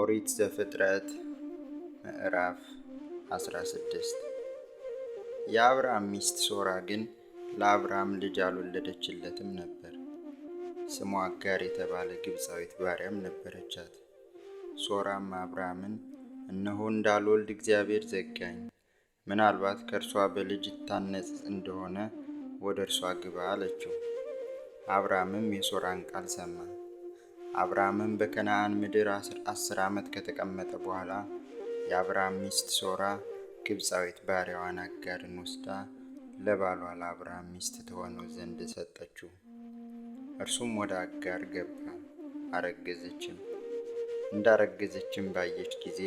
ኦሪት ዘፍጥረት ምዕራፍ 16 የአብርሃም ሚስት ሶራ ግን ለአብርሃም ልጅ አልወለደችለትም ነበር። ስሟ አጋር የተባለ ግብፃዊት ባሪያም ነበረቻት። ሶራም አብርሃምን እነሆ እንዳልወልድ እግዚአብሔር ዘጋኝ፣ ምናልባት ከእርሷ በልጅ ይታነጽ እንደሆነ ወደ እርሷ ግባ አለችው። አብርሃምም የሶራን ቃል ሰማ። አብርሃምም በከነአን ምድር አስር ዓመት ከተቀመጠ በኋላ የአብርሃም ሚስት ሶራ ግብፃዊት ባሪያዋን አጋርን ወስዳ ለባሏ ለአብርሃም ሚስት ትሆነው ዘንድ ሰጠችው። እርሱም ወደ አጋር ገባ፣ አረገዘችም። እንዳረገዘችም ባየች ጊዜ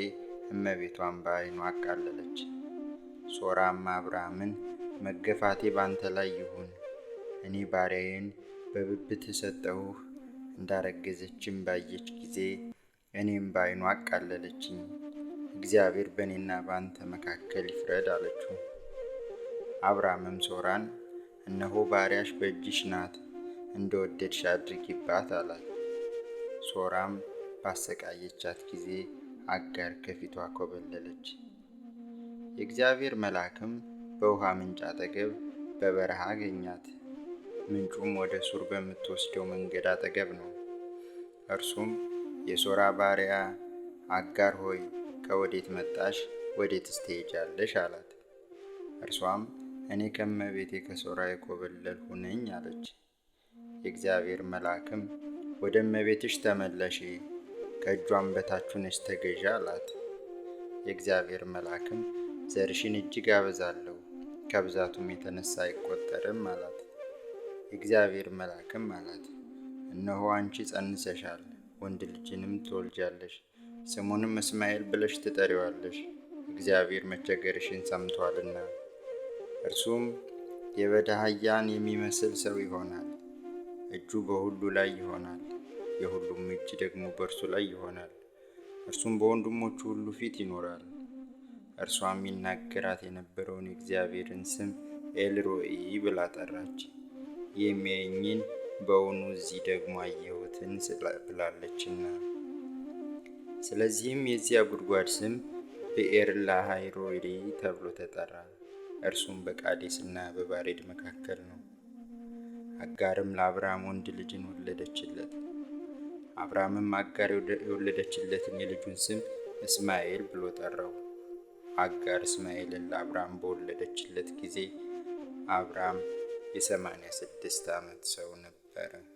እመቤቷን በዓይኗ አቃለለች። ሶራም አብርሃምን መገፋቴ ባንተ ላይ ይሁን፣ እኔ ባሪያዬን በብብት ሰጠሁህ እንዳረገዘችም ባየች ጊዜ እኔም በዓይኗ አቃለለችኝ። እግዚአብሔር በእኔና በአንተ መካከል ይፍረድ አለችው። አብርሃምም ሶራን እነሆ ባሪያሽ በእጅሽ ናት፣ እንደ አድርጊባት አላት። ሶራም ባሰቃየቻት ጊዜ አጋር ከፊቷ ኮበለለች። የእግዚአብሔር መልአክም በውሃ ምንጭ አጠገብ በበረሃ አገኛት። ምንጩም ወደ ሱር በምትወስደው መንገድ አጠገብ ነው። እርሱም የሶራ ባሪያ አጋር ሆይ ከወዴት መጣሽ? ወዴትስ ትሄጃለሽ? አላት። እርሷም እኔ ከመቤቴ ከሶራ የኮበለልሁ ነኝ አለች። የእግዚአብሔር መልአክም ወደ እመቤትሽ ተመለሺ ከእጇም በታች ሆነሽ ተገዢ አላት። የእግዚአብሔር መልአክም ዘርሽን እጅግ አበዛለሁ ከብዛቱም የተነሳ አይቆጠርም አላት። የእግዚአብሔር መልአክም አላት፣ እነሆ አንቺ ጸንሰሻል፣ ወንድ ልጅንም ትወልጃለሽ፣ ስሙንም እስማኤል ብለሽ ትጠሪዋለሽ፣ እግዚአብሔር መቸገርሽን ሰምቷልና። እርሱም የበዳህያን የሚመስል ሰው ይሆናል፣ እጁ በሁሉ ላይ ይሆናል፣ የሁሉም እጅ ደግሞ በእርሱ ላይ ይሆናል። እርሱም በወንድሞቹ ሁሉ ፊት ይኖራል። እርሷም ይናገራት የነበረውን የእግዚአብሔርን ስም ኤልሮኢ ብላ ጠራች። የሚያየኝን በውኑ እዚህ ደግሞ አየሁትን ብላለችና። ስለዚህም የዚያ ጉድጓድ ስም ብኤር ላሃይሮዴ ተብሎ ተጠራ። እርሱም በቃዴስና በባሬድ መካከል ነው። አጋርም ለአብርሃም ወንድ ልጅን ወለደችለት። አብርሃምም አጋር የወለደችለትን የልጁን ስም እስማኤል ብሎ ጠራው። አጋር እስማኤልን ለአብርሃም በወለደችለት ጊዜ አብርሃም የ86 ዓመት ሰው ነበረ።